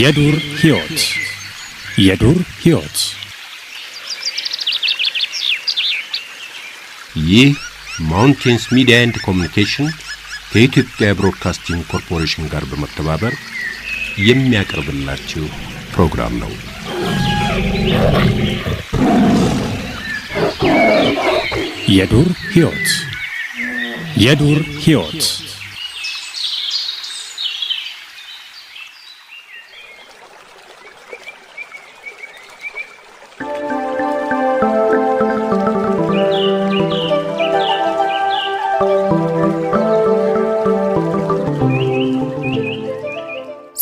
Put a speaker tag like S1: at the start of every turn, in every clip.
S1: የዱር ህይወት የዱር ህይወት ይህ ማውንቴንስ ሚዲያ ኤንድ ኮሚኒኬሽን ከኢትዮጵያ ብሮድካስቲንግ ኮርፖሬሽን ጋር በመተባበር የሚያቀርብላችሁ ፕሮግራም ነው። የዱር ህይወት የዱር ህይወት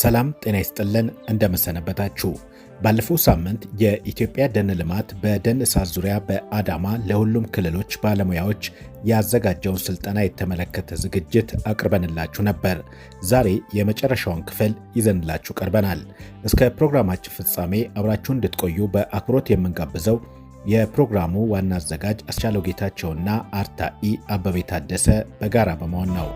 S1: ሰላም ጤና ይስጥልን፣ እንደምንሰነበታችሁ። ባለፈው ሳምንት የኢትዮጵያ ደን ልማት በደን እሳት ዙሪያ በአዳማ ለሁሉም ክልሎች ባለሙያዎች ያዘጋጀውን ስልጠና የተመለከተ ዝግጅት አቅርበንላችሁ ነበር። ዛሬ የመጨረሻውን ክፍል ይዘንላችሁ ቀርበናል። እስከ ፕሮግራማችን ፍጻሜ አብራችሁ እንድትቆዩ በአክብሮት የምንጋብዘው የፕሮግራሙ ዋና አዘጋጅ አስቻለው ጌታቸውና አርታኢ አበቤ ታደሰ በጋራ በመሆን ነው።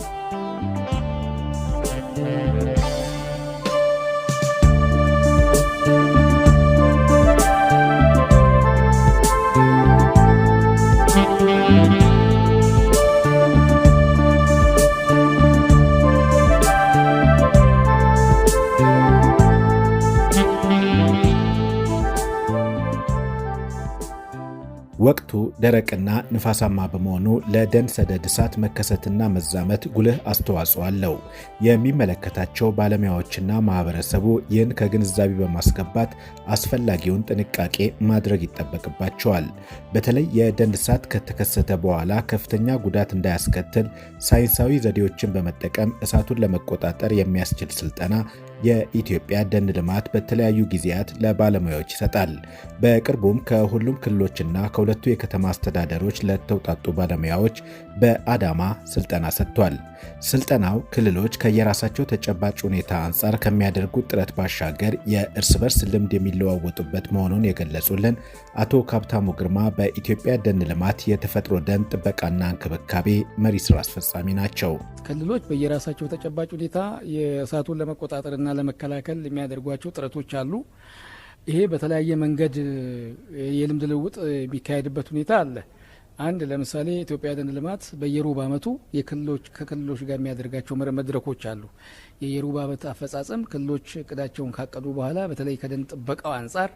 S1: ወቅቱ ደረቅና ንፋሳማ በመሆኑ ለደን ሰደድ እሳት መከሰትና መዛመት ጉልህ አስተዋጽኦ አለው። የሚመለከታቸው ባለሙያዎችና ማህበረሰቡ ይህን ከግንዛቤ በማስገባት አስፈላጊውን ጥንቃቄ ማድረግ ይጠበቅባቸዋል። በተለይ የደን እሳት ከተከሰተ በኋላ ከፍተኛ ጉዳት እንዳያስከትል ሳይንሳዊ ዘዴዎችን በመጠቀም እሳቱን ለመቆጣጠር የሚያስችል ስልጠና የኢትዮጵያ ደን ልማት በተለያዩ ጊዜያት ለባለሙያዎች ይሰጣል። በቅርቡም ከሁሉም ክልሎችና ከ ከሁለቱ የከተማ አስተዳደሮች ለተውጣጡ ባለሙያዎች በአዳማ ስልጠና ሰጥቷል። ስልጠናው ክልሎች ከየራሳቸው ተጨባጭ ሁኔታ አንጻር ከሚያደርጉት ጥረት ባሻገር የእርስ በርስ ልምድ የሚለዋወጡበት መሆኑን የገለጹልን አቶ ካብታሙ ግርማ በኢትዮጵያ ደን ልማት የተፈጥሮ ደን ጥበቃና እንክብካቤ መሪ ስራ አስፈጻሚ ናቸው።
S2: ክልሎች በየራሳቸው ተጨባጭ ሁኔታ የእሳቱን ለመቆጣጠርና ለመከላከል የሚያደርጓቸው ጥረቶች አሉ። ይሄ በተለያየ መንገድ የልምድ ልውውጥ የሚካሄድበት ሁኔታ አለ። አንድ ለምሳሌ ኢትዮጵያ ደን ልማት በየሩብ ዓመቱ የክልሎች ከክልሎች ጋር የሚያደርጋቸው መድረኮች አሉ። የየሩብ ዓመት አፈጻጸም ክልሎች እቅዳቸውን ካቀዱ በኋላ በተለይ ከደን ጥበቃው አንጻር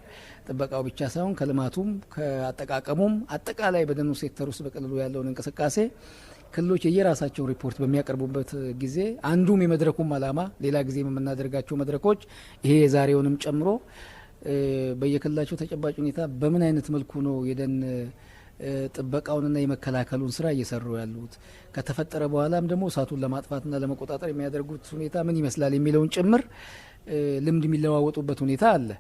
S2: ጥበቃው ብቻ ሳይሆን ከልማቱም ከአጠቃቀሙም አጠቃላይ በደኑ ሴክተር ውስጥ በክልሉ ያለውን እንቅስቃሴ ክልሎች የየራሳቸውን ሪፖርት በሚያቀርቡበት ጊዜ አንዱም የመድረኩም ዓላማ ሌላ ጊዜ የምናደርጋቸው መድረኮች ይሄ የዛሬውንም ጨምሮ በየክልላቸው ተጨባጭ ሁኔታ በምን አይነት መልኩ ነው የደን ጥበቃውንና የመከላከሉን ስራ እየሰሩ ያሉት ከተፈጠረ በኋላም ደግሞ እሳቱን ለማጥፋትና ለመቆጣጠር የሚያደርጉት ሁኔታ ምን ይመስላል የሚለውን ጭምር ልምድ የሚለዋወጡበት ሁኔታ አለ።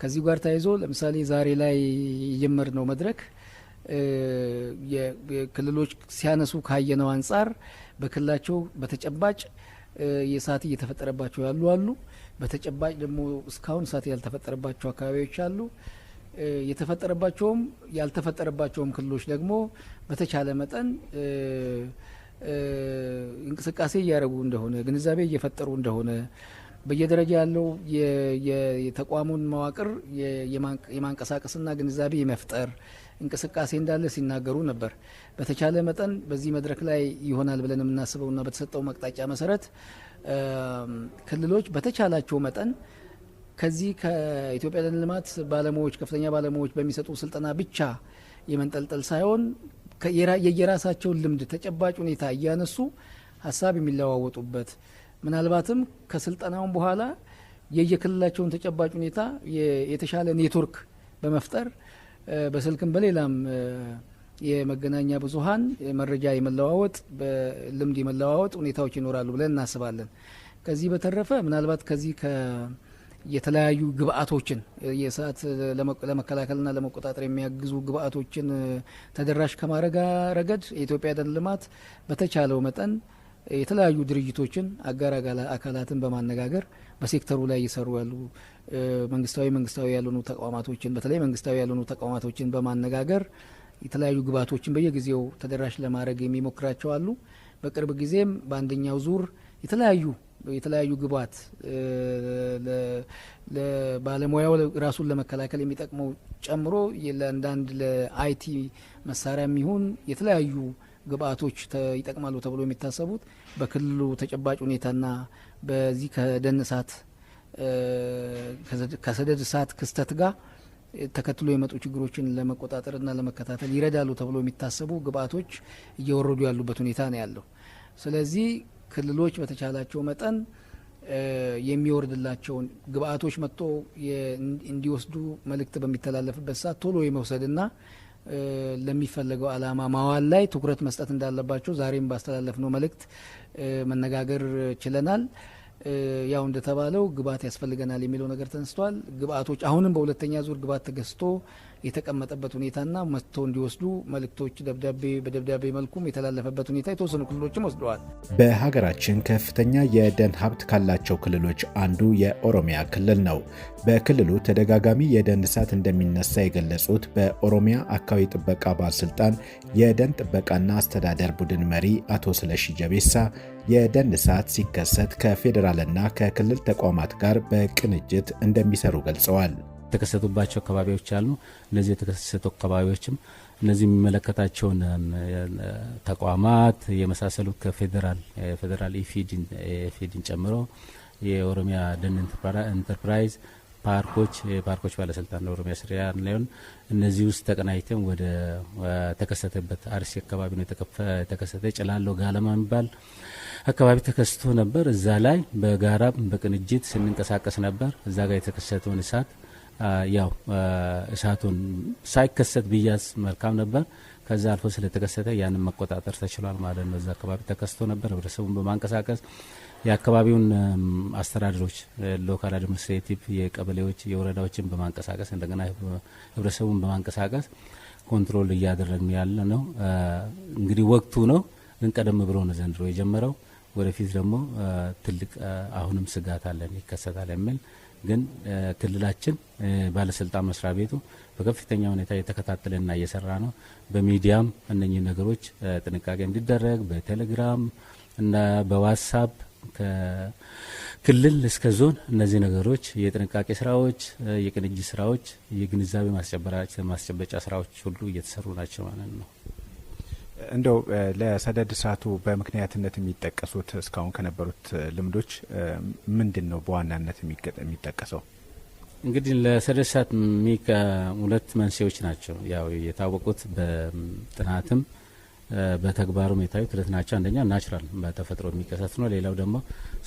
S2: ከዚህ ጋር ተያይዞ ለምሳሌ ዛሬ ላይ የጀመርነው መድረክ ክልሎች ሲያነሱ ካየነው አንጻር በክልላቸው በተጨባጭ የእሳት እየተፈጠረባቸው ያሉ አሉ። በተጨባጭ ደግሞ እስካሁን እሳት ያልተፈጠረባቸው አካባቢዎች አሉ። የተፈጠረባቸውም ያልተፈጠረባቸውም ክልሎች ደግሞ በተቻለ መጠን እንቅስቃሴ እያደረጉ እንደሆነ ግንዛቤ እየፈጠሩ እንደሆነ በየደረጃ ያለው የተቋሙን መዋቅር የማንቀሳቀስና ግንዛቤ የመፍጠር እንቅስቃሴ እንዳለ ሲናገሩ ነበር። በተቻለ መጠን በዚህ መድረክ ላይ ይሆናል ብለን የምናስበውና በተሰጠው መቅጣጫ መሰረት ክልሎች በተቻላቸው መጠን ከዚህ ከኢትዮጵያ ደን ልማት ባለሙያዎች ከፍተኛ ባለሙያዎች በሚሰጡ ስልጠና ብቻ የመንጠልጠል ሳይሆን የየራሳቸውን ልምድ ተጨባጭ ሁኔታ እያነሱ ሀሳብ የሚለዋወጡበት ምናልባትም ከስልጠናውን በኋላ የየክልላቸውን ተጨባጭ ሁኔታ የተሻለ ኔትወርክ በመፍጠር በስልክም በሌላም የመገናኛ ብዙሀን መረጃ የመለዋወጥ በልምድ የመለዋወጥ ሁኔታዎች ይኖራሉ ብለን እናስባለን። ከዚህ በተረፈ ምናልባት ከዚህ የተለያዩ ግብአቶችን የእሳት ለመከላከልና ለመቆጣጠር የሚያግዙ ግብአቶችን ተደራሽ ከማድረግ ረገድ የኢትዮጵያ ደን ልማት በተቻለው መጠን የተለያዩ ድርጅቶችን አጋር አካላትን በማነጋገር በሴክተሩ ላይ እየሰሩ ያሉ መንግስታዊ መንግስታዊ ያልሆኑ ተቋማቶችን በተለይ መንግስታዊ ያልሆኑ ተቋማቶችን በማነጋገር የተለያዩ ግብዓቶችን በየጊዜው ተደራሽ ለማድረግ የሚሞክራቸው አሉ። በቅርብ ጊዜም በአንደኛው ዙር የተለያዩ የተለያዩ ግብዓት ባለሙያው ራሱን ለመከላከል የሚጠቅመው ጨምሮ ለአንዳንድ ለአይቲ መሳሪያ የሚሆን የተለያዩ ግብአቶች ይጠቅማሉ ተብሎ የሚታሰቡት በክልሉ ተጨባጭ ሁኔታና በዚህ ከደን እሳት ከሰደድ እሳት ክስተት ጋር ተከትሎ የመጡ ችግሮችን ለመቆጣጠርና ለመከታተል ይረዳሉ ተብሎ የሚታሰቡ ግብአቶች እየወረዱ ያሉበት ሁኔታ ነው ያለው። ስለዚህ ክልሎች በተቻላቸው መጠን የሚወርድላቸውን ግብአቶች መጥቶ እንዲወስዱ መልእክት በሚተላለፍበት ሰዓት ቶሎ የመውሰድና ለሚፈለገው ዓላማ ማዋል ላይ ትኩረት መስጠት እንዳለባቸው ዛሬም ባስተላለፍነው መልእክት መነጋገር ችለናል። ያው እንደተባለው ግብአት ያስፈልገናል የሚለው ነገር ተነስቷል። ግብአቶች አሁንም በሁለተኛ ዙር ግብአት ተገዝቶ የተቀመጠበት ሁኔታና መጥቶ እንዲወስዱ መልእክቶች ደብዳቤ በደብዳቤ መልኩም የተላለፈበት ሁኔታ የተወሰኑ ክልሎችም ወስደዋል።
S1: በሀገራችን ከፍተኛ የደን ሀብት ካላቸው ክልሎች አንዱ የኦሮሚያ ክልል ነው። በክልሉ ተደጋጋሚ የደን እሳት እንደሚነሳ የገለጹት በኦሮሚያ አካባቢ ጥበቃ ባለስልጣን የደን ጥበቃና አስተዳደር ቡድን መሪ አቶ ስለሺ ጀቤሳ የደን እሳት ሲከሰት ከፌዴራልና ከክልል ተቋማት ጋር በቅንጅት እንደሚሰሩ ገልጸዋል።
S3: የተከሰቱባቸው አካባቢዎች አሉ። እነዚህ የተከሰቱ አካባቢዎችም እነዚህ የሚመለከታቸውን ተቋማት የመሳሰሉት ከፌዴራል ፌዴራል ኢፌድን ጨምሮ የኦሮሚያ ደን ኢንተርፕራይዝ ፓርኮች የፓርኮች ባለስልጣን ኦሮሚያ ስሪያ ላይሆን እነዚህ ውስጥ ተቀናይተን ወደ ተከሰተበት አርሲ አካባቢ ነው የተከሰተ። ጭላሎ ጋለማ የሚባል አካባቢ ተከስቶ ነበር። እዛ ላይ በጋራ በቅንጅት ስንንቀሳቀስ ነበር። እዛ ጋር የተከሰተውን እሳት ያው እሳቱን ሳይከሰት ብያዝ መልካም ነበር። ከዛ አልፎ ስለተከሰተ ያንን መቆጣጠር ተችሏል ማለት ነው። እዛ አካባቢ ተከስቶ ነበር። ህብረተሰቡን በማንቀሳቀስ የአካባቢውን አስተዳደሮች፣ ሎካል አድሚኒስትሬቲቭ፣ የቀበሌዎች፣ የወረዳዎችን በማንቀሳቀስ እንደገና ህብረተሰቡን በማንቀሳቀስ ኮንትሮል እያደረግን ያለ ነው። እንግዲህ ወቅቱ ነው። ግን ቀደም ብሎ ነው ዘንድሮ የጀመረው። ወደፊት ደግሞ ትልቅ አሁንም ስጋት አለን ይከሰታል የሚል ግን ክልላችን ባለስልጣን መስሪያ ቤቱ በከፍተኛ ሁኔታ የተከታተለና እየሰራ ነው። በሚዲያም እነኚህ ነገሮች ጥንቃቄ እንዲደረግ በቴሌግራም እና በዋትሳፕ ከክልል እስከ ዞን እነዚህ ነገሮች የጥንቃቄ ስራዎች፣ የቅንጅት ስራዎች፣ የግንዛቤ ማስጨበጫ ስራዎች ሁሉ እየተሰሩ ናቸው ማለት ነው።
S1: እንደው ለሰደድ እሳቱ በምክንያትነት የሚጠቀሱት እስካሁን ከነበሩት ልምዶች ምንድን ነው በዋናነት የሚጠቀሰው?
S3: እንግዲህ ለሰደድ እሳት ሁለት መንስኤዎች ናቸው ያው የታወቁት በጥናትም በተግባሩም የታዩት ሁለት ናቸው። አንደኛው ናቹራል በተፈጥሮ የሚከሰት ነው። ሌላው ደግሞ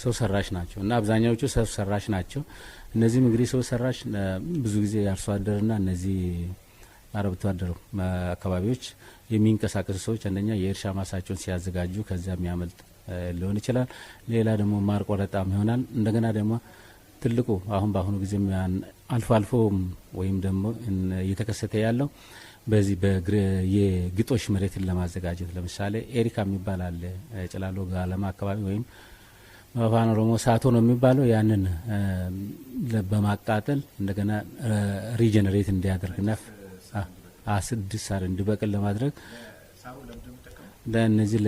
S3: ሰው ሰራሽ ናቸው እና አብዛኛዎቹ ሰው ሰራሽ ናቸው። እነዚህም እንግዲህ ሰው ሰራሽ ብዙ ጊዜ አርሶ አደርና እነዚህ አርብቶ አደሩ አካባቢዎች የሚንቀሳቀሱ ሰዎች አንደኛ የእርሻ ማሳቸውን ሲያዘጋጁ ከዚያ የሚያመልጥ ሊሆን ይችላል። ሌላ ደግሞ ማር ቆረጣም ይሆናል። እንደገና ደግሞ ትልቁ አሁን በአሁኑ ጊዜ አልፎ አልፎ ወይም ደግሞ እየተከሰተ ያለው በዚህ የግጦሽ መሬትን ለማዘጋጀት ለምሳሌ ኤሪካ የሚባል አለ ጭላሎ ጋለማ አካባቢ ወይም በአፋን ኦሮሞ ሳቶ ነው የሚባለው። ያንን በማቃጠል እንደገና ሪጀነሬት እንዲያደርግ ነፍ አስድስት ሳር እንዲበቅል ለማድረግ ለእነዚህ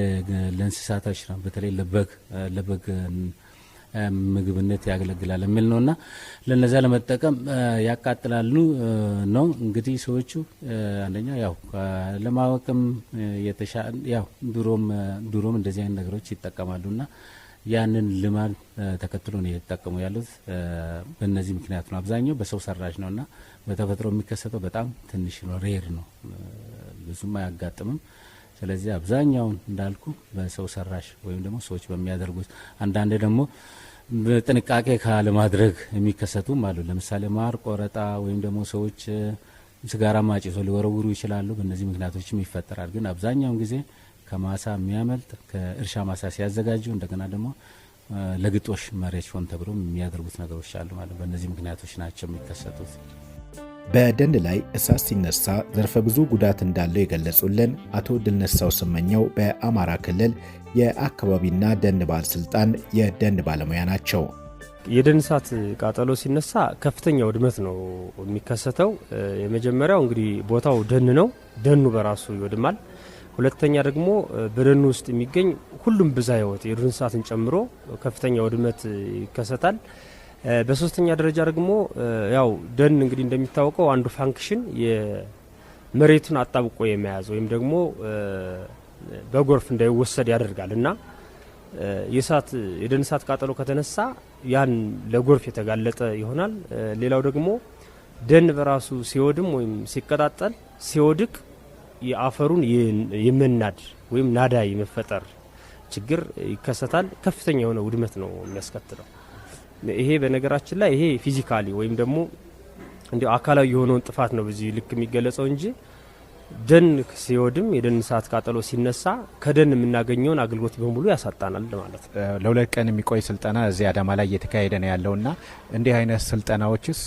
S3: ለእንስሳት አሽራ በተለይ ለበግ ለበግ ምግብነት ያገለግላል የሚል ነው እና ለነዛ ለመጠቀም ያቃጥላሉ ነው እንግዲህ ሰዎቹ አንደኛ ያው ለማወቅም የተሻ ያው ድሮም ዱሮም እንደዚህ አይነት ነገሮች ይጠቀማሉ ና ያንን ልማድ ተከትሎ ነው የተጠቀሙ ያሉት። በእነዚህ ምክንያት ነው። አብዛኛው በሰው ሰራሽ ነው እና በተፈጥሮ የሚከሰተው በጣም ትንሽ ነው፣ ሬር ነው፣ ብዙም አያጋጥምም። ስለዚህ አብዛኛውን እንዳልኩ በሰው ሰራሽ ወይም ደግሞ ሰዎች በሚያደርጉት አንዳንድ ደግሞ ጥንቃቄ ካለማድረግ የሚከሰቱም አሉ። ለምሳሌ ማር ቆረጣ ወይም ደግሞ ሰዎች ስጋራ ማጭሶ ሊወረውሩ ይችላሉ። በእነዚህ ምክንያቶችም ይፈጠራል። ግን አብዛኛውን ጊዜ ከማሳ የሚያመልጥ ከእርሻ ማሳ ሲያዘጋጁ እንደገና ደግሞ ለግጦሽ መሬት ሆን ተብሎ የሚያደርጉት ነገሮች አሉ ማለት በእነዚህ ምክንያቶች ናቸው የሚከሰቱት።
S1: በደን ላይ እሳት ሲነሳ ዘርፈ ብዙ ጉዳት እንዳለው የገለጹልን አቶ ድልነሳው ስመኘው በአማራ ክልል የአካባቢና ደን ባለስልጣን የደን ባለሙያ ናቸው።
S2: የደን እሳት ቃጠሎ ሲነሳ ከፍተኛ ውድመት ነው የሚከሰተው። የመጀመሪያው እንግዲህ ቦታው ደን ነው። ደኑ በራሱ ይወድማል። ሁለተኛ ደግሞ በደን ውስጥ የሚገኝ ሁሉም ብዛ ህይወት የዱር እንስሳትን ጨምሮ ከፍተኛ ውድመት ይከሰታል። በሶስተኛ ደረጃ ደግሞ ያው ደን እንግዲህ እንደሚታወቀው አንዱ ፋንክሽን የመሬቱን አጣብቆ የመያዝ ወይም ደግሞ በጎርፍ እንዳይወሰድ ያደርጋል እና የእሳት የደን እሳት ቃጠሎ ከተነሳ ያን ለጎርፍ የተጋለጠ ይሆናል። ሌላው ደግሞ ደን በራሱ ሲወድም ወይም ሲቀጣጠል ሲወድቅ የአፈሩን የመናድ ወይም ናዳ የመፈጠር ችግር ይከሰታል። ከፍተኛ የሆነ ውድመት ነው የሚያስከትለው። ይሄ በነገራችን ላይ ይሄ ፊዚካሊ ወይም ደግሞ እንዲ አካላዊ የሆነውን ጥፋት ነው በዚህ ልክ የሚገለጸው እንጂ ደን ሲወድም የደን እሳት ቃጠሎ ሲነሳ ከደን የምናገኘውን አገልግሎት በሙሉ ያሳጣናል ማለት
S1: ነው። ለሁለት ቀን የሚቆይ ስልጠና እዚህ አዳማ ላይ እየተካሄደ ነው ያለው ና እንዲህ አይነት ስልጠናዎችስ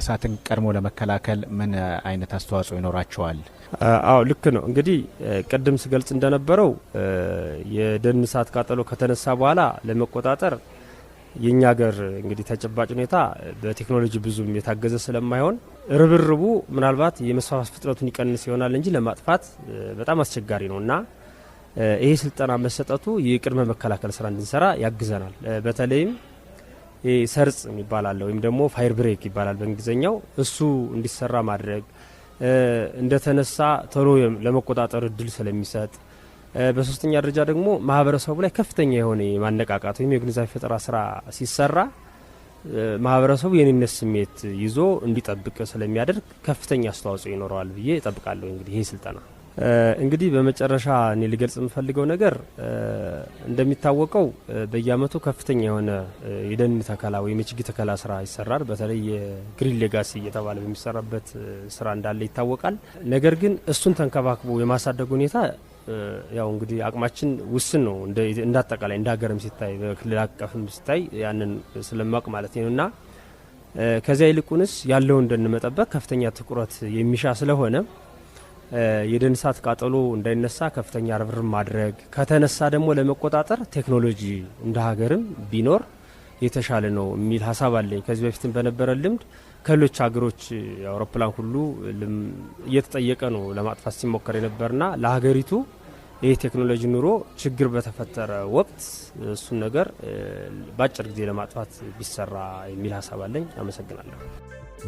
S1: እሳትን ቀድሞ ለመከላከል ምን አይነት አስተዋጽኦ ይኖራቸዋል?
S2: አዎ ልክ ነው። እንግዲህ ቅድም ስገልጽ እንደነበረው የደን እሳት ቃጠሎ ከተነሳ በኋላ ለመቆጣጠር የእኛ ሀገር እንግዲህ ተጨባጭ ሁኔታ በቴክኖሎጂ ብዙም የታገዘ ስለማይሆን ርብርቡ ምናልባት የመስፋፋት ፍጥነቱን ይቀንስ ይሆናል እንጂ ለማጥፋት በጣም አስቸጋሪ ነው እና ይሄ ስልጠና መሰጠቱ የቅድመ መከላከል ስራ እንድንሰራ ያግዘናል። በተለይም ሰርጽ ይባላል ወይም ደግሞ ፋይር ብሬክ ይባላል በእንግሊዝኛው። እሱ እንዲሰራ ማድረግ እንደተነሳ ቶሎ ለመቆጣጠር እድል ስለሚሰጥ በሶስተኛ ደረጃ ደግሞ ማህበረሰቡ ላይ ከፍተኛ የሆነ የማነቃቃት ወይም የግንዛቤ ፈጠራ ስራ ሲሰራ ማህበረሰቡ የኔነት ስሜት ይዞ እንዲጠብቅ ስለሚያደርግ ከፍተኛ አስተዋጽኦ ይኖረዋል ብዬ እጠብቃለሁ። እንግዲህ ይህ ስልጠና እንግዲህ በመጨረሻ እኔ ልገልጽ የምፈልገው ነገር እንደሚታወቀው በየአመቱ ከፍተኛ የሆነ የደን ተከላ ወይም የችግኝ ተከላ ስራ ይሰራል። በተለይ የግሪን ሌጋሲ እየተባለ በሚሰራበት ስራ እንዳለ ይታወቃል። ነገር ግን እሱን ተንከባክቦ የማሳደግ ሁኔታ ያው እንግዲህ አቅማችን ውስን ነው እንዳጠቃላይ አጠቃላይ እንደ ሀገርም ሲታይ በክልል አቀፍም ሲታይ ያንን ስለማወቅ ማለት ነው እና ከዚያ ይልቁንስ ያለው ደን ከፍተኛ ትኩረት የሚሻ ስለሆነ የደን እሳት ቃጠሎ እንዳይነሳ ከፍተኛ ርብር ማድረግ ከተነሳ ደግሞ ለመቆጣጠር ቴክኖሎጂ እንደ ሀገርም ቢኖር የተሻለ ነው የሚል ሀሳብ አለኝ። ከዚህ በፊትም በነበረ ልምድ ከሌሎች ሀገሮች አውሮፕላን ሁሉ እየተጠየቀ ነው ለማጥፋት ሲሞከር የነበርና ለሀገሪቱ ይህ ቴክኖሎጂ ኑሮ ችግር በተፈጠረ ወቅት እሱን ነገር በአጭር ጊዜ ለማጥፋት ቢሰራ የሚል ሀሳብ አለኝ። አመሰግናለሁ።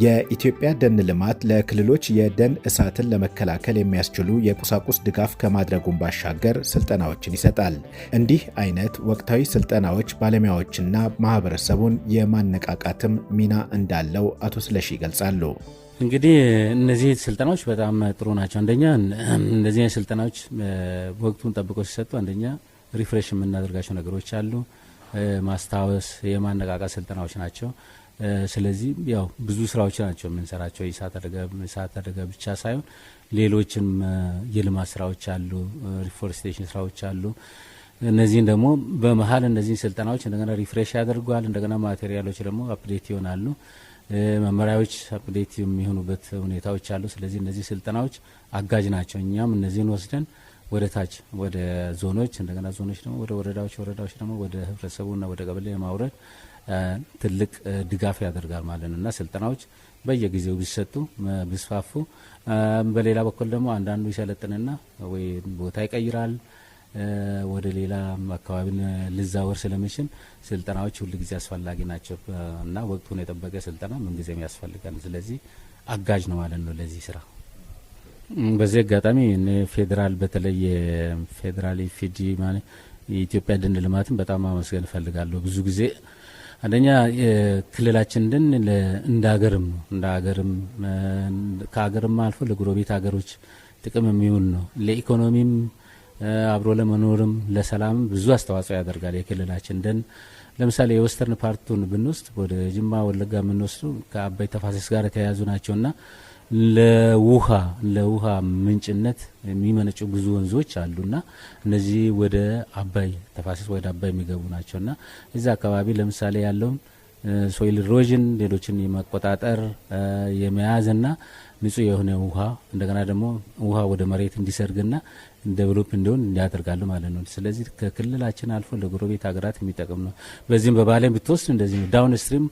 S1: የኢትዮጵያ ደን ልማት ለክልሎች የደን እሳትን ለመከላከል የሚያስችሉ የቁሳቁስ ድጋፍ ከማድረጉን ባሻገር ስልጠናዎችን ይሰጣል። እንዲህ አይነት ወቅታዊ ስልጠናዎች ባለሙያዎችና ማህበረሰቡን የማነቃቃትም ሚና እንዳለው አቶ ስለሺ ይገልጻሉ።
S3: እንግዲህ እነዚህ ስልጠናዎች በጣም ጥሩ ናቸው። አንደኛ እነዚህ ስልጠናዎች ወቅቱን ጠብቆ ሲሰጡ አንደኛ ሪፍሬሽ የምናደርጋቸው ነገሮች አሉ። ማስታወስ፣ የማነቃቃት ስልጠናዎች ናቸው። ስለዚህ ያው ብዙ ስራዎች ናቸው የምንሰራቸው። የእሳት አደጋ ብቻ ሳይሆን ሌሎችም የልማት ስራዎች አሉ፣ ሪፎረስቴሽን ስራዎች አሉ። እነዚህን ደግሞ በመሀል እነዚህን ስልጠናዎች እንደገና ሪፍሬሽ ያደርጓል። እንደገና ማቴሪያሎች ደግሞ አፕዴት ይሆናሉ። መመሪያዎች አፕዴት የሚሆኑበት ሁኔታዎች አሉ። ስለዚህ እነዚህ ስልጠናዎች አጋዥ ናቸው። እኛም እነዚህን ወስደን ወደ ታች ወደ ዞኖች እንደገና ዞኖች ደግሞ ወደ ወረዳዎች ወረዳዎች ደግሞ ወደ ህብረተሰቡና ወደ ቀበሌ የማውረድ ትልቅ ድጋፍ ያደርጋል ማለት ነው እና ስልጠናዎች በየጊዜው ቢሰጡ ቢስፋፉ፣ በሌላ በኩል ደግሞ አንዳንዱ ይሰለጥንና ወይ ቦታ ይቀይራል ወደ ሌላ አካባቢ ልዛወር ስለምችል ስልጠናዎች ጊዜ አስፈላጊ ናቸው እና ወቅቱን የጠበቀ ስልጠና ምንጊዜም ያስፈልጋል። ስለዚህ አጋዥ ነው ማለት ነው ለዚህ ስራ። በዚህ አጋጣሚ ፌዴራል በተለይ ፌዴራል ፊጂ ማለት የኢትዮጵያ ደን ልማትን በጣም አመስገን እፈልጋለሁ። ብዙ ጊዜ አንደኛ ክልላችን ደን እንደ ሀገርም ነው እንደ ሀገርም ከሀገርም አልፎ ለጎረቤት ሀገሮች ጥቅም የሚውል ነው ለኢኮኖሚም አብሮ ለመኖርም ለሰላም ብዙ አስተዋጽኦ ያደርጋል። የክልላችን ደን ለምሳሌ የወስተርን ፓርቱን ብንወስድ ወደ ጅማ ወለጋ የምንወስዱ ከአባይ ተፋሰስ ጋር የተያያዙ ናቸውና ለውሃ ለውሃ ምንጭነት የሚመነጩ ብዙ ወንዞች አሉና እነዚህ ወደ አባይ ተፋሰስ ወደ አባይ የሚገቡ ናቸውና እዚያ አካባቢ ለምሳሌ ያለውን ሶይል ሮዥን ሌሎችን የመቆጣጠር የመያዝና ንጹህ የሆነ ውሃ እንደገና ደግሞ ውሃ ወደ መሬት እንዲሰርግና ዴቨሎፕ እንዲሆን እንዲያደርጋሉ ማለት ነው። ስለዚህ ከክልላችን አልፎ ለጎረቤት ሀገራት የሚጠቅም ነው። በዚህም በባሌን ብትወስድ እንደዚህ ነው። ዳውን ስትሪም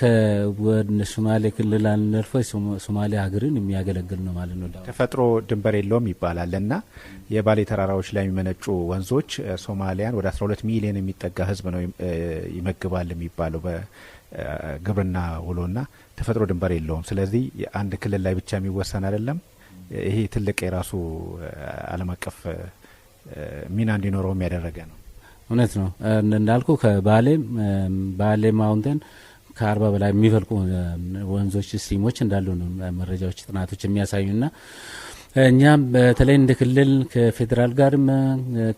S3: ከሶማሌ ክልል አልፎ ሶማሌ ሀገርን የሚያገለግል ነው ማለት ነው።
S1: ተፈጥሮ ድንበር የለውም ይባላል እና የባሌ ተራራዎች ላይ የሚመነጩ ወንዞች ሶማሊያን ወደ 12 ሚሊዮን የሚጠጋ ህዝብ ነው ይመግባል የሚባለው በግብርና ውሎና ተፈጥሮ ድንበር የለውም። ስለዚህ አንድ ክልል ላይ ብቻ የሚወሰን አይደለም። ይሄ ትልቅ የራሱ አለም አቀፍ ሚና እንዲኖረውም ያደረገ ነው።
S3: እውነት ነው እንዳልኩ ከባሌም ባሌ ማውንቴን ከአርባ በላይ የሚፈልቁ ወንዞች ስትሪሞች እንዳሉ ነው መረጃዎች፣ ጥናቶች የሚያሳዩና እኛም በተለይ እንደ ክልል ከፌዴራል ጋርም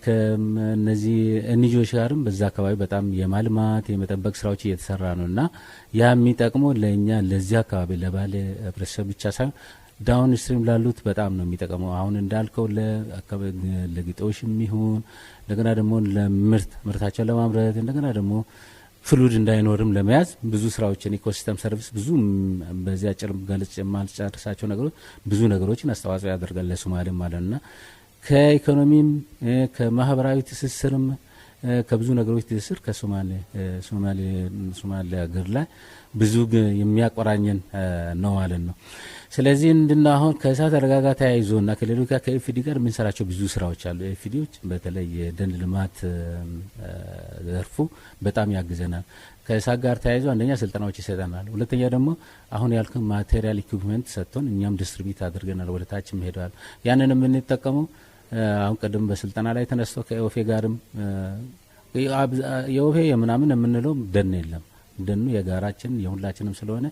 S3: ከነዚህ እንጆች ጋርም በዛ አካባቢ በጣም የማልማት የመጠበቅ ስራዎች እየተሰራ ነው እና ያ የሚጠቅመው ለእኛ ለዚህ አካባቢ ለባሌ ህብረተሰብ ብቻ ሳይሆን ዳውን ስትሪም ላሉት በጣም ነው የሚጠቀመው። አሁን እንዳልከው ለግጦሽ የሚሆን እንደገና ደግሞ ለምርት ምርታቸውን ለማምረት እንደገና ደግሞ ፍሉድ እንዳይኖርም ለመያዝ ብዙ ስራዎችን ኢኮሲስተም ሰርቪስ ብዙ በዚህ አጭር ገለጽ የማልጨርሳቸው ነገሮች ብዙ ነገሮችን አስተዋጽኦ ያደርጋል ለሱማሌም ማለት ነውና ከኢኮኖሚም ከማህበራዊ ትስስርም ከብዙ ነገሮች ትስስር ከሶማሌ ሀገር ላይ ብዙ የሚያቆራኘን ነው ማለት ነው። ስለዚህ እንድና አሁን ከእሳት አደጋ ጋር ተያይዞና ከሌሎች ጋር ከኤፍዲ ጋር የምንሰራቸው ብዙ ስራዎች አሉ። ኤፍዲዎች በተለይ የደን ልማት ዘርፉ በጣም ያግዘናል። ከእሳት ጋር ተያይዞ አንደኛ ስልጠናዎች ይሰጠናል። ሁለተኛ ደግሞ አሁን ያልክ ማቴሪያል ኢኩፕመንት ሰጥቶን እኛም ዲስትሪቢዩት አድርገናል። ወደ ሄደዋል። ያንን የምንጠቀመው አሁን ቅድም በስልጠና ላይ ተነስቶ ከኦፌ ጋርም የኦፌ የምናምን የምንለው ደን የለም። ደኑ የጋራችን የሁላችንም ስለሆነ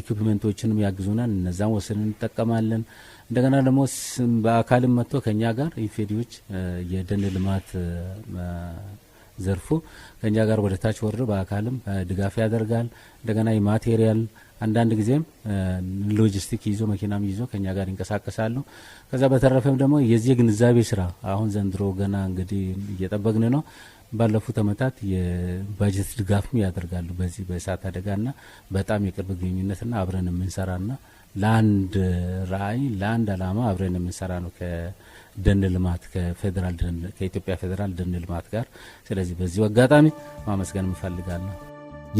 S3: ኢኩፕመንቶችንም ያግዙናል። እነዛም ወስን እንጠቀማለን። እንደገና ደግሞ በአካልም መጥቶ ከኛ ጋር ኢፌዲዎች የደን ልማት ዘርፉ ከኛ ጋር ወደ ታች ወርዶ በአካልም ድጋፍ ያደርጋል። እንደገና የማቴሪያል አንዳንድ ጊዜም ሎጂስቲክ ይዞ መኪናም ይዞ ከኛ ጋር ይንቀሳቀሳሉ። ከዛ በተረፈም ደግሞ የዚህ ግንዛቤ ስራ አሁን ዘንድሮ ገና እንግዲህ እየጠበቅን ነው። ባለፉት ዓመታት የባጀት ድጋፍም ያደርጋሉ። በዚህ በእሳት አደጋና በጣም የቅርብ ግንኙነትና አብረን የምንሰራና ለአንድ ራዕይ ለአንድ ዓላማ አብረን የምንሰራ ነው ከደን ልማት ከፌዴራል ከኢትዮጵያ ፌዴራል ደን ልማት ጋር። ስለዚህ በዚሁ አጋጣሚ ማመስገን እንፈልጋለን።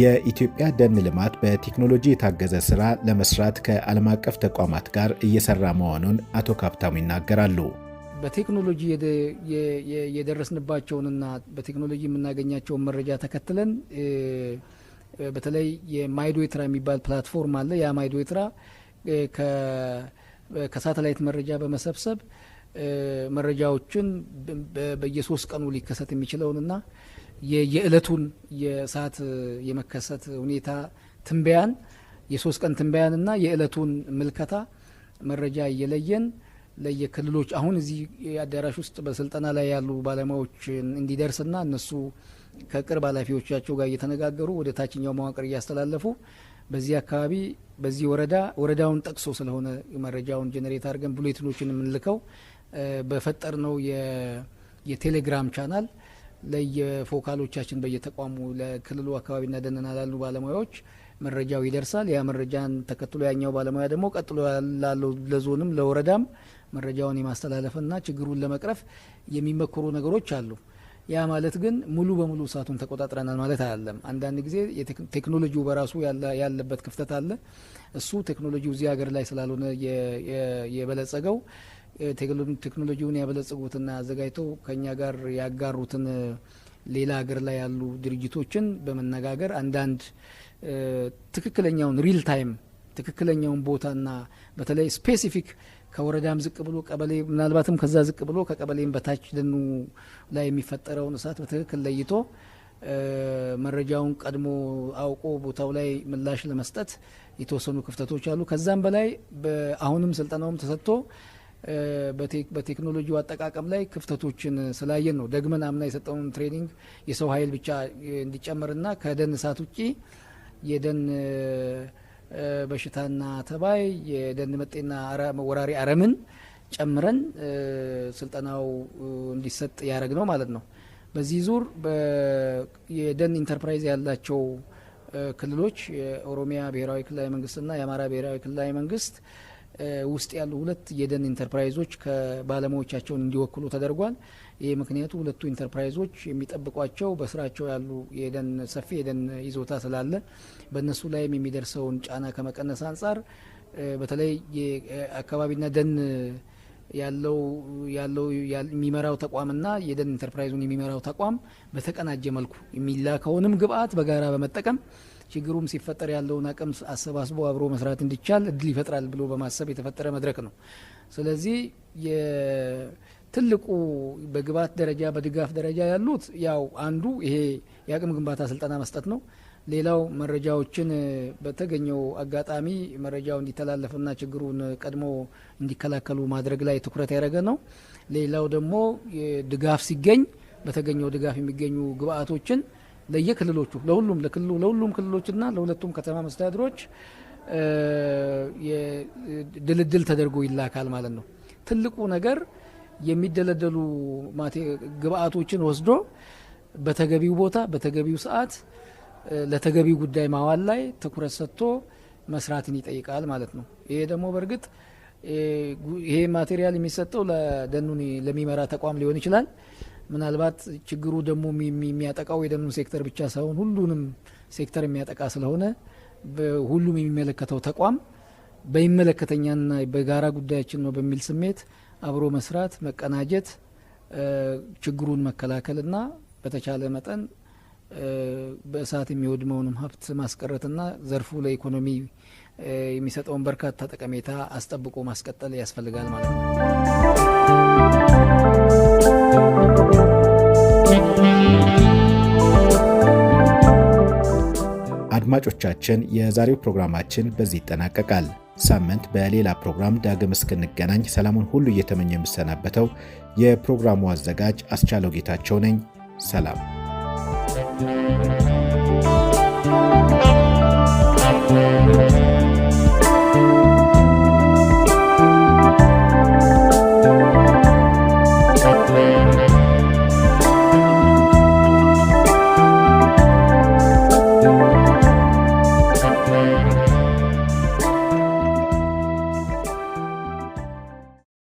S1: የኢትዮጵያ ደን ልማት በቴክኖሎጂ የታገዘ ስራ ለመስራት ከዓለም አቀፍ ተቋማት ጋር እየሰራ መሆኑን አቶ ካፕታሙ ይናገራሉ።
S2: በቴክኖሎጂ የደረስንባቸውንና በቴክኖሎጂ የምናገኛቸውን መረጃ ተከትለን በተለይ የማይዶትራ የሚባል ፕላትፎርም አለ። ያ ማይዶትራ ከሳተላይት መረጃ በመሰብሰብ መረጃዎችን በየሶስት ቀኑ ሊከሰት የሚችለውንና የእለቱን የእሳት የመከሰት ሁኔታ ትንበያን የሶስት ቀን ትንበያንና የዕለቱን ምልከታ መረጃ እየለየን ለየክልሎች አሁን እዚህ አዳራሽ ውስጥ በስልጠና ላይ ያሉ ባለሙያዎችን እንዲደርስና እነሱ ከቅርብ ኃላፊዎቻቸው ጋር እየተነጋገሩ ወደ ታችኛው መዋቅር እያስተላለፉ በዚህ አካባቢ በዚህ ወረዳ ወረዳውን ጠቅሶ ስለሆነ መረጃውን ጀኔሬት አድርገን ቡሌቲኖችን የምንልከው በፈጠር ነው የቴሌግራም ቻናል ለየፎካሎቻችን በየተቋሙ ለክልሉ አካባቢና ደህንና ላሉ ባለሙያዎች መረጃው ይደርሳል። ያ መረጃን ተከትሎ ያኛው ባለሙያ ደግሞ ቀጥሎ ላለው ለዞንም ለወረዳም መረጃውን የማስተላለፍና ችግሩን ለመቅረፍ የሚመክሩ ነገሮች አሉ። ያ ማለት ግን ሙሉ በሙሉ እሳቱን ተቆጣጥረናል ማለት አይደለም። አንዳንድ ጊዜ ቴክኖሎጂው በራሱ ያለበት ክፍተት አለ። እሱ ቴክኖሎጂው እዚህ ሀገር ላይ ስላልሆነ የበለጸገው ቴክኖሎጂውን ያበለጽጉትና አዘጋጅተው ከኛ ጋር ያጋሩትን ሌላ ሀገር ላይ ያሉ ድርጅቶችን በመነጋገር አንዳንድ ትክክለኛውን ሪል ታይም ትክክለኛውን ቦታና በተለይ ስፔሲፊክ ከወረዳም ዝቅ ብሎ ቀበሌ ምናልባትም ከዛ ዝቅ ብሎ ከቀበሌም በታች ደኑ ላይ የሚፈጠረውን እሳት በትክክል ለይቶ መረጃውን ቀድሞ አውቆ ቦታው ላይ ምላሽ ለመስጠት የተወሰኑ ክፍተቶች አሉ። ከዛም በላይ አሁንም ስልጠናውም ተሰጥቶ በቴክኖሎጂ አጠቃቀም ላይ ክፍተቶችን ስላየን ነው ደግመን አምና የሰጠውን ትሬኒንግ የሰው ኃይል ብቻ እንዲጨመርና ከደን እሳት ውጪ የደን በሽታና ተባይ፣ የደን መጤና ወራሪ አረምን ጨምረን ስልጠናው እንዲሰጥ ያደረግ ነው ማለት ነው። በዚህ ዙር የደን ኢንተርፕራይዝ ያላቸው ክልሎች የኦሮሚያ ብሔራዊ ክልላዊ መንግስትና የአማራ ብሔራዊ ክልላዊ መንግስት ውስጥ ያሉ ሁለት የደን ኢንተርፕራይዞች ከባለሙያዎቻቸውን እንዲወክሉ ተደርጓል። ይህ ምክንያቱ ሁለቱ ኢንተርፕራይዞች የሚጠብቋቸው በስራቸው ያሉ የደን ሰፊ የደን ይዞታ ስላለ በእነሱ ላይም የሚደርሰውን ጫና ከመቀነስ አንጻር በተለይ የአካባቢና ደን ያለው ያለው የሚመራው ተቋምና የደን ኢንተርፕራይዙን የሚመራው ተቋም በተቀናጀ መልኩ የሚላከውንም ግብአት በጋራ በመጠቀም ችግሩም ሲፈጠር ያለውን አቅም አሰባስቦ አብሮ መስራት እንዲቻል እድል ይፈጥራል ብሎ በማሰብ የተፈጠረ መድረክ ነው። ስለዚህ ትልቁ በግብዓት ደረጃ በድጋፍ ደረጃ ያሉት ያው አንዱ ይሄ የአቅም ግንባታ ስልጠና መስጠት ነው። ሌላው መረጃዎችን በተገኘው አጋጣሚ መረጃው እንዲተላለፍና ችግሩን ቀድሞ እንዲከላከሉ ማድረግ ላይ ትኩረት ያደረገ ነው። ሌላው ደግሞ ድጋፍ ሲገኝ በተገኘው ድጋፍ የሚገኙ ግብዓቶችን ለየክልሎቹ ለሁሉም ለክልሉ ለሁሉም ክልሎችና ለሁለቱም ከተማ መስተዳድሮች ድልድል ተደርጎ ይላካል ማለት ነው። ትልቁ ነገር የሚደለደሉ ግብአቶችን ወስዶ በተገቢው ቦታ በተገቢው ሰዓት ለተገቢው ጉዳይ ማዋል ላይ ትኩረት ሰጥቶ መስራትን ይጠይቃል ማለት ነው። ይሄ ደግሞ በእርግጥ ይሄ ማቴሪያል የሚሰጠው ለደኑን ለሚመራ ተቋም ሊሆን ይችላል። ምናልባት ችግሩ ደግሞ የሚያጠቃው የደም ሴክተር ብቻ ሳይሆን ሁሉንም ሴክተር የሚያጠቃ ስለሆነ ሁሉም የሚመለከተው ተቋም በሚመለከተኛና በጋራ ጉዳያችን ነው በሚል ስሜት አብሮ መስራት፣ መቀናጀት፣ ችግሩን መከላከልና በተቻለ መጠን በእሳት የሚወድመውንም ሀብት ማስቀረትና ዘርፉ ለኢኮኖሚ የሚሰጠውን በርካታ ጠቀሜታ አስጠብቆ ማስቀጠል ያስፈልጋል ማለት ነው።
S1: አድማጮቻችን፣ የዛሬው ፕሮግራማችን በዚህ ይጠናቀቃል። ሳምንት በሌላ ፕሮግራም ዳግም እስክንገናኝ ሰላሙን ሁሉ እየተመኘ የምሰናበተው የፕሮግራሙ አዘጋጅ አስቻለው ጌታቸው ነኝ። ሰላም